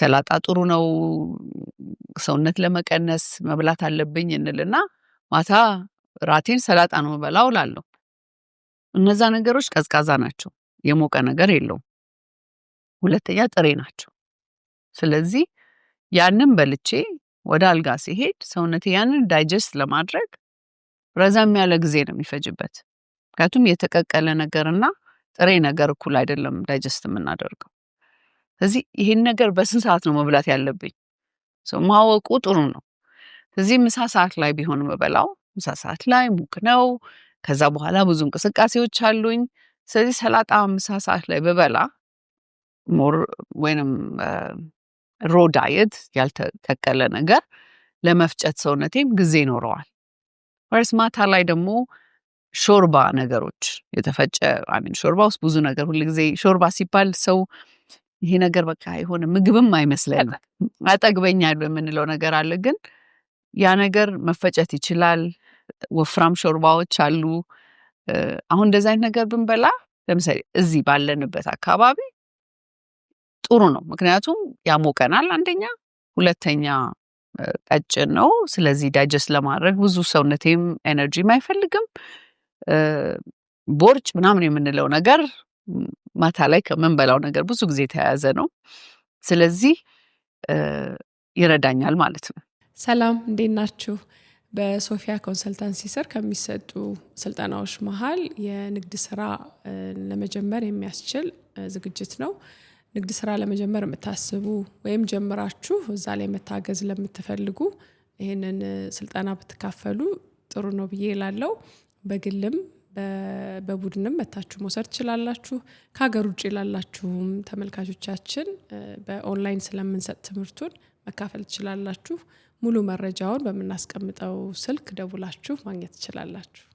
ሰላጣ ጥሩ ነው፣ ሰውነት ለመቀነስ መብላት አለብኝ እንልና ማታ ራቴን ሰላጣ ነው የምበላው እላለሁ። እነዛ ነገሮች ቀዝቃዛ ናቸው፣ የሞቀ ነገር የለውም። ሁለተኛ ጥሬ ናቸው። ስለዚህ ያንን በልቼ ወደ አልጋ ሲሄድ ሰውነቴ ያንን ዳይጀስት ለማድረግ ረዘም ያለ ጊዜ ነው የሚፈጅበት። ምክንያቱም የተቀቀለ ነገርና ጥሬ ነገር እኩል አይደለም ዳይጀስት የምናደርገው። ስለዚህ ይህን ነገር በስንት ሰዓት ነው መብላት ያለብኝ ማወቁ ጥሩ ነው። ስለዚህ ምሳ ሰዓት ላይ ቢሆን መበላው ምሳ ሰዓት ላይ ሙቅ ነው። ከዛ በኋላ ብዙ እንቅስቃሴዎች አሉኝ። ስለዚህ ሰላጣ ምሳ ሰዓት ላይ በበላ ሞር ወይንም ሮ ዳየት ያልተቀቀለ ነገር ለመፍጨት ሰውነቴም ጊዜ ይኖረዋል። ወርስ ማታ ላይ ደግሞ ሾርባ ነገሮች የተፈጨ ሾርባ ውስጥ ብዙ ነገር ሁሉ ጊዜ ሾርባ ሲባል ሰው ይሄ ነገር በቃ አይሆንም፣ ምግብም አይመስለኝም፣ አጠግበኛል የምንለው ነገር አለ። ግን ያ ነገር መፈጨት ይችላል። ወፍራም ሾርባዎች አሉ። አሁን እንደዚህ አይነት ነገር ብንበላ ለምሳሌ እዚህ ባለንበት አካባቢ ጥሩ ነው፣ ምክንያቱም ያሞቀናል አንደኛ፣ ሁለተኛ ቀጭን ነው። ስለዚህ ዳይጀስት ለማድረግ ብዙ ሰውነቴም ኤነርጂም አይፈልግም። ቦርጭ ምናምን የምንለው ነገር ማታ ላይ ከምንበላው ነገር ብዙ ጊዜ የተያያዘ ነው። ስለዚህ ይረዳኛል ማለት ነው። ሰላም እንዴት ናችሁ? በሶፊያ ኮንሰልታንሲ ስር ከሚሰጡ ስልጠናዎች መሀል የንግድ ስራ ለመጀመር የሚያስችል ዝግጅት ነው። ንግድ ስራ ለመጀመር የምታስቡ ወይም ጀምራችሁ እዛ ላይ መታገዝ ለምትፈልጉ ይህንን ስልጠና ብትካፈሉ ጥሩ ነው ብዬ እላለሁ። በግልም በቡድንም መታችሁ መውሰድ ትችላላችሁ። ከሀገር ውጭ ላላችሁም ተመልካቾቻችን በኦንላይን ስለምንሰጥ ትምህርቱን መካፈል ትችላላችሁ። ሙሉ መረጃውን በምናስቀምጠው ስልክ ደውላችሁ ማግኘት ትችላላችሁ።